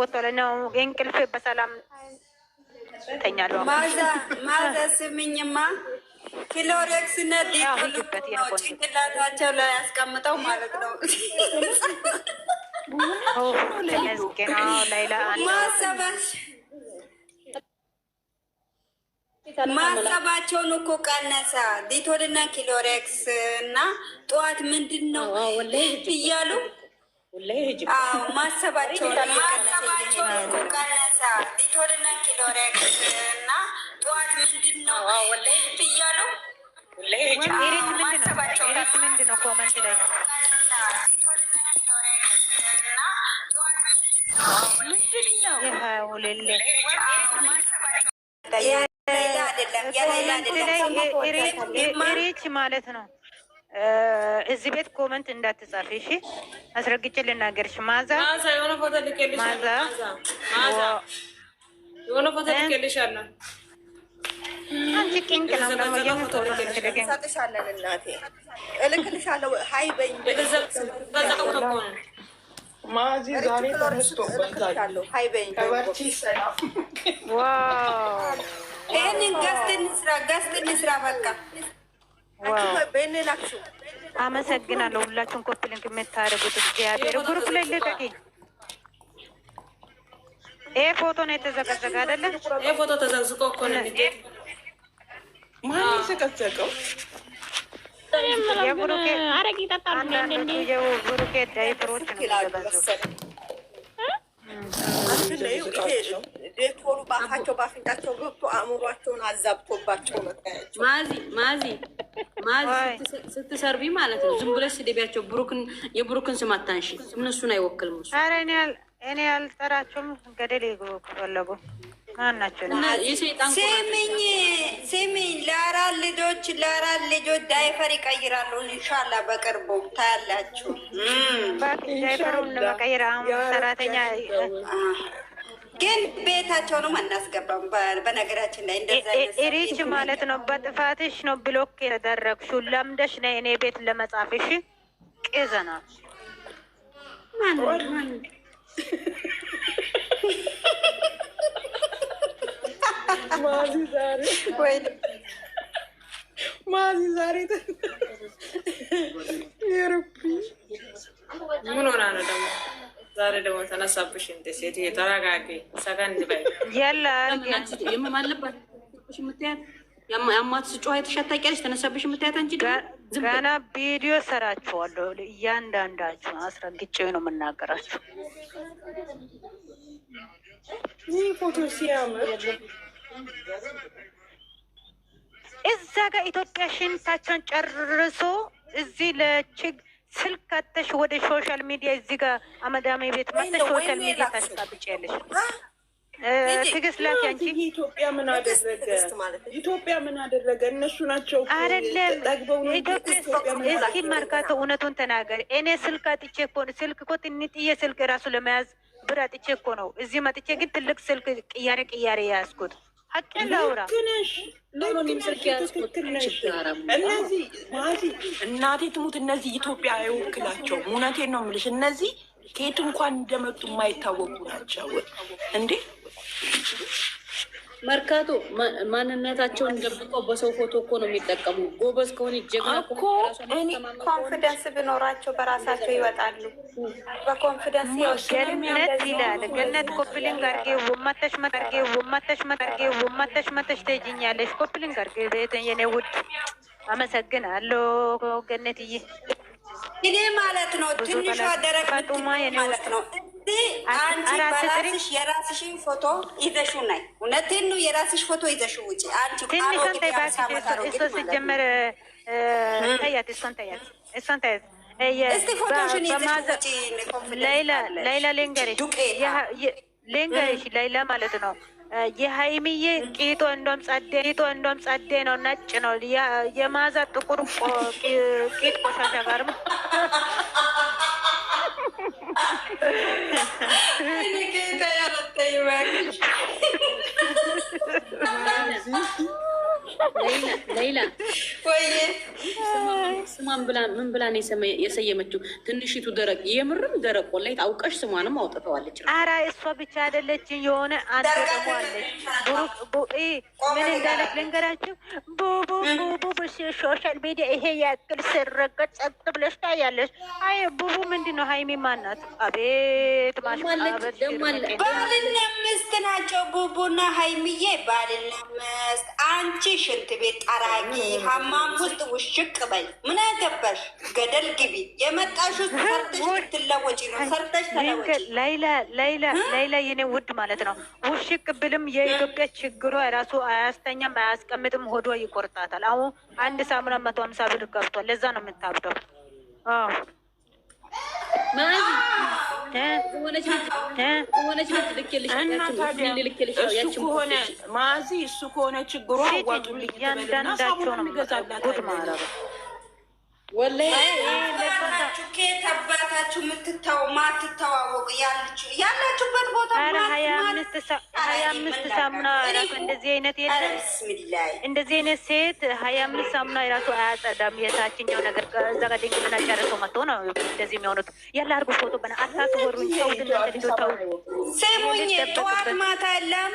ወጥቷል ነው እንቅልፍ በሰላም ተኛለሁ። ማዛ ማዛ ስምኝማ ኪሎሬክስ ነዲ ጭንቅላታቸው ላይ ያስቀምጠው ማለት ነው። ማሰባቸውን እኮ ቀነሰ። ዲቶልና ኪሎሬክስ እና ጠዋት ምንድን ነው እያሉ ማሰባቸው ማሰባቸው ነው እያሉ ማለት ነው። እዚህ ቤት ኮመንት እንዳትጻፊ እሺ። አስረግጬ ልናገርሽ። ማዛ ማዛ የሆነ ፎቶ ልኬልሻለሁ። አንቺ ቂንጥ ነው ደግሞ የምን ፎቶ ነው የምትልኪው? እሰጥሻለሁ እናቴ፣ እልክልሻለሁ። ሀይ በይኝ ማዚ ዛሬ ተነስቶበታል። ሀይ በይኝ ከበርቺ። ሰላም ዋው! ይህንን ገዝት እንስራ፣ ገዝት እንስራ በቃ አመሰግናለሁ። ሁላችሁን ኮፕሊንግ የምታደርጉት እግዚአብሔር ግሩፕ ላይ ልቀቂ። ይሄ ፎቶ ነው የተዘቀዘቀ አይደለ? ይሄ ፎቶ ተዘቅዝቆ እኮ ነው። ማን ዘቀዘቀው? አረግ ይጠጣሉ። የጉሩኬ ዳይፈሮች ዴቶሉ ባፋቸው በአፍንጫቸው ገብቶ አእምሯቸውን አዛብቶባቸው መታያቸው። ማዚ ማዚ ማዚ ስትሰርቢ ማለት ነው። ዝም ብለሽ ስደቢያቸው። ብሩክን የብሩክን ስም አታንሺ። እነሱን አይወክልም እሱ። ኧረ እኔ ያልጠራቸውም ገደል ፈለጉ ከፈለጉ። ማናቸው ስሚኝ፣ ስሚኝ ለአራት ልጆች ለአራት ልጆች ዳይፈር ይቀይራሉ። እንሻላ በቅርቡ ታያላችሁ። ዳይፈሩን ለመቀየር አሁን ሰራተኛ ግን ቤታቸውንም አናስገባም። በነገራችን ላይ እንደዛ ሪች ማለት ነው። በጥፋትሽ ነው ብሎክ የተደረግሹ ለምደሽ ነ እኔ ቤት ለመጻፍሽ ቅዘና ማዚ ዛሬ ምን ሆና ነው ደግሞ ዛሬ ደግሞ ተነሳብሽ። እንደ ሴት ተረጋጊ፣ ሰከንድ በይ። ያማት ስጮ የተሻታ ቂያለች ተነሳብሽ የምታያት አንቺ ገና ቪዲዮ ሰራችኋለሁ። እያንዳንዳችሁ አስረግጬ ነው የምናገራችሁ። ፎቶ ሲያምር እዛ ጋር ኢትዮጵያ ሽንታቸውን ጨርሶ እዚህ ለችግ ስልክ ከተሽ ወደ ሶሻል ሚዲያ እዚህ ጋር አመዳሚ ቤት መተሽ ሶሻል ሚዲያ ታስጣብጭ ያለሽ ትግስት ላት ያንቺ ኢትዮጵያ ምን አደረገ? ኢትዮጵያ ምን አደረገ? እነሱ ናቸው አይደለም። እስኪ መርካቶ እውነቱን ተናገር። እኔ ስልክ አጥቼ እኮ ስልክ እኮ ትንጥዬ ስልክ ራሱ ለመያዝ ብር አጥቼ እኮ ነው እዚህ መጥቼ፣ ግን ትልቅ ስልክ ቅያሬ ቅያሬ ያዝኩት። እናቴ ትሙት፣ እነዚህ ኢትዮጵያ አይወክላቸው። እውነቴን ነው የምልሽ። እነዚህ ከየት እንኳን እንደመጡ የማይታወቁ ናቸው እንዴ መርካቶ ማንነታቸውን ደብቀው በሰው ፎቶ እኮ ነው የሚጠቀሙ። ጎበዝ ከሆነ ጀግና ኮንፊደንስ ብኖራቸው በራሳቸው ይወጣሉ። በኮንፊደንስ ገነት ይላል ገነት ኮፕሊን ጋርጌ ወማተሽ መርጌ ወማተሽ መርጌ ወማተሽ መተሽ ትሄጂኛለሽ። ኮፕሊንግ አርጌ የኔ ውድ አመሰግናለሁ ገነትዬ። እኔ ማለት ነው ትንሿ ደረቅ ማለት ነው አንቺ የራስሽን ፎቶ ይዘሽ ነይ። እውነቴን ነው። የራስሽ ፎቶ ይዘሽ ውጪ። አንቺ ሲጀመር ታያት፣ እሷን ታያት፣ እሷን ታያት። ላይላ ልንገርሽ፣ ልንገርሽ ላይላ ማለት ነው የሀይሚዬ ቂጦ እንደም ጸዴ ቂጦ እንደም ጸዴ ነው፣ ነጭ ነው የማዛ ጥቁር ቂጥ ቆሻሻ ጋርም Tiene que estar a los ሌላ ስሟን ብላ ምን ብላ ነው የሰየመችው? ትንሽቱ ደረቅ፣ የምርም ደረቅ ላይ አውቀሽ ስሟንም አውጥተዋለች። አራ እሷ ብቻ አይደለችም። የሆነ አንድ ደግሞ አለች። ምን እንዳለች ልንገራችሁ። ቡቡ ሶሻል ሚዲያ ይሄ ያክል ስረገጥ ጸጥ ብለሽ ታያለች። አይ ቡቡ ምንድን ነው ሀይሚ ማናት? አቤት ባልና ሚስት ናቸው ቡቡና ሀይሚዬ። ባልና ሚስት አንቺ ሽን ሽንት ቤት ጠራጊ ሀማም ውስጥ ውሽቅ በይ። ምን ያገባሽ? ገደል ግቢ። የመጣሹ ሰርተሽ ትለወጪ ነው። ሰርተሽ ተለወጪ። ላይላ ላይላ ላይላ የኔ ውድ ማለት ነው። ውሽቅ ብልም የኢትዮጵያ ችግሯ ራሱ አያስተኛም፣ አያስቀምጥም። ሆዷ ይቆርጣታል። አሁን አንድ ሳሙና መቶ ሀምሳ ብር ገብቷል። ለዛ ነው የምታብደው። ማዚ እሱ ከሆነ ችግሯ አዋጡልኝ ትበልና ሳሙና እንገዛላታለን። አባታችሁ ያላችሁበት ቦታ አምስት ሳሙና እራሱ እንደዚህ አይነት የለም። እንደዚህ አይነት ሴት ሀያ አምስት ሳሙና የራሱ አያጸዳም። የታችኛው ነገር እዛ ጋር ድንግልና ጨርሶ መጥቶ ነው እንደዚህ የሚሆኑት። ያለ አርጉ ፎቶ በና አታስወሩኝ። ሰው ድንገት ተው ጠዋት ማታ የለም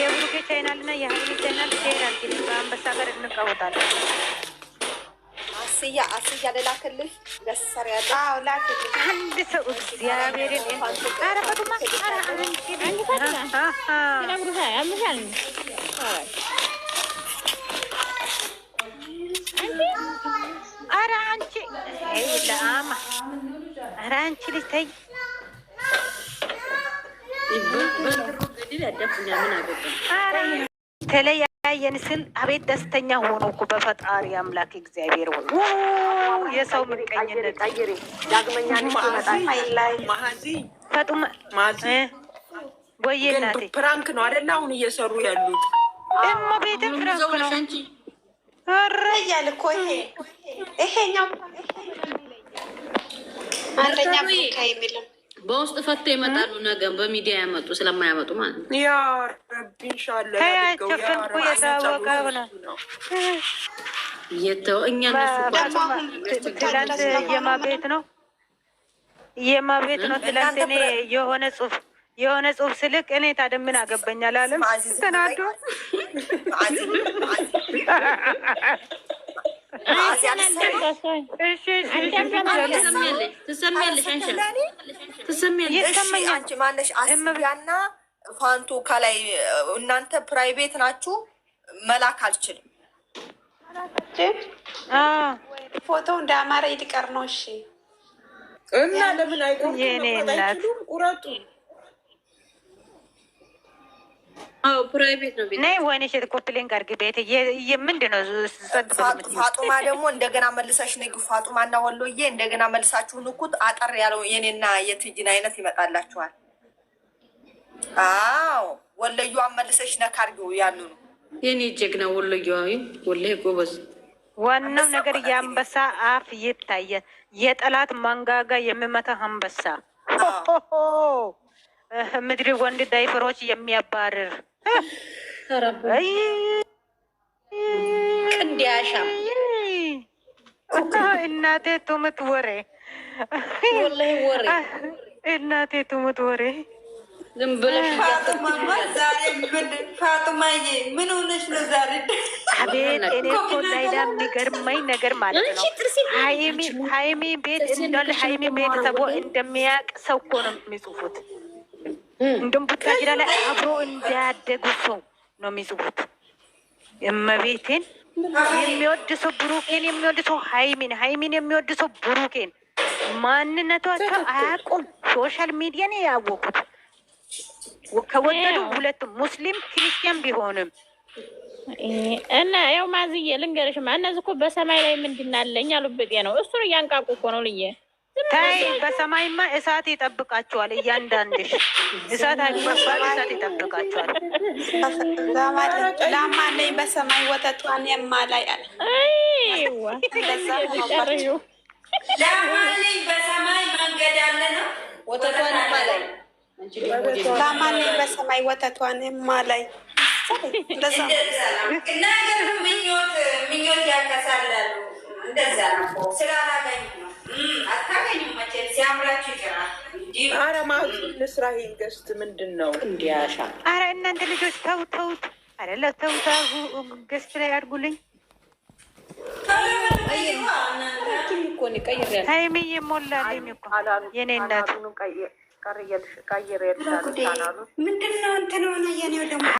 የብሩኬ ቻይናል እና የሀይሚ ቻይናል ሄራል ግን በአንበሳ ጋር እንቀወጣለን። አስያ አስያ ሌላ ለሰር ያለ አንድ ሰው እግዚአብሔርን አረፈቱማ ኧረ አንቺ ለአማ ኧረ አንቺ ልጅ ተይ ተለያየን ስል አቤት ደስተኛ ሆኖ እኮ በፈጣሪ አምላክ እግዚአብሔር ሆ የሰው ምቀኝነት ፈጡማ ወዬ እናቴ ፕራንክ ነው አሁን እየሰሩ ያሉት ቤት ፕራንክ ነው ኧረ እያለ እኮ ይሄ ይሄኛው አንደኛ በውስጥ ፈቶ ይመጣሉ። ነገ በሚዲያ ያመጡ ስለማያመጡ ማለት ነው። የማቤት ነው የማቤት ትላንት እኔ የሆነ ጽሁፍ የሆነ ጽሁፍ ስልክ እኔ ታዲያ ምን አገባኝ አላለም ተናዶ ትሰሚያለሽ አንቺ ማነሽ አስያና ፋንቱ ከላይ እናንተ ፕራይቬት ናችሁ፣ መላክ አልችልም። ፎቶ እንዳማረ ይድቀር ነው። እሺ እና ለምን አይቆርጡም? ቁረጡ ነይ ወይኔ ሽንኩርት ሌን ቤት ምንድን ነው? ፋጡማ ደግሞ እንደገና መልሰሽ ንግ ፋጡማና ወሎዬ እንደገና መልሳችሁ ንኩት። አጠር ያለው የኔና የትጅን አይነት ይመጣላችኋል። አዎ ወሎዬዋን መልሰሽ ነካ አድርጊው። ያኑ ነው የኔ ጀግና ወሎዬዋ፣ ወለ ጎበዝ። ዋናው ነገር የአንበሳ አፍ ይታየ የጠላት መንጋጋ የሚመታ አንበሳ ምድሪ ወንድ ዳይፈሮች የሚያባርር ቅንዲያሻም እናቴ ወሬ እናቴ ቱምት ወሬ ዝም ብለሽ ፋጡማዬ ምን ሆነሽ ነው ዛሬ? አቤት እኔ እኮ የሚገርመኝ ነገር ማለት ነው ሀይሚ ቤት እንዳለ ሀይሚ ቤተሰቦ እንደሚያቅ ሰው እኮ ነው የሚጽፉት እንደውም ቡታጅራ ላይ አብሮ እንዳያደጉ ሰው ነው የሚዝቡት። እመቤቴን የሚወድ ሰው ብሩኬን የሚወድ ሰው ሀይሚን ሀይሚን የሚወድ ሰው ብሩኬን ማንነቷቸው አያውቁም። ሶሻል ሚዲያ ሚዲያን ያወቁት ከወደዱ ሁለቱም ሙስሊም ክርስቲያን ቢሆንም እና ያው ማዝዬ ልንገርሽማ እነዚህ እኮ በሰማይ ላይ ምንድን አለኝ አሉብጤ ነው። እሱን እያንቃቁ እኮ ነው ልዬ አይ በሰማይማ እሳት ይጠብቃቸዋል። እያንዳንድሽ እሳት አይባል እሳት ይጠብቃቸዋል። ላማለኝ በሰማይ ወተቷን የማላይ አለ ላማለኝ በሰማይ መንገድ አለ ነው ወተቷን የማላይ ላማለኝ በሰማይ ወተቷን የማላይ ነገር ምኞት ምኞት ያከሳላሉ። እንደዛ ነው ስራ ላገኝ ነው አረ ማዙ ልስራ ይሄን ምንድን ነው እንዲያሻ? አረ እናንተ ልጆች ተው ተውት፣ አለ ተውት። ገስት ላይ አድርጉልኝ ታይምዬ ሞላልኝ እኮ የኔ እናት ቀይር ምንድን ነው እንትን ሆነ የኔው ደግሞ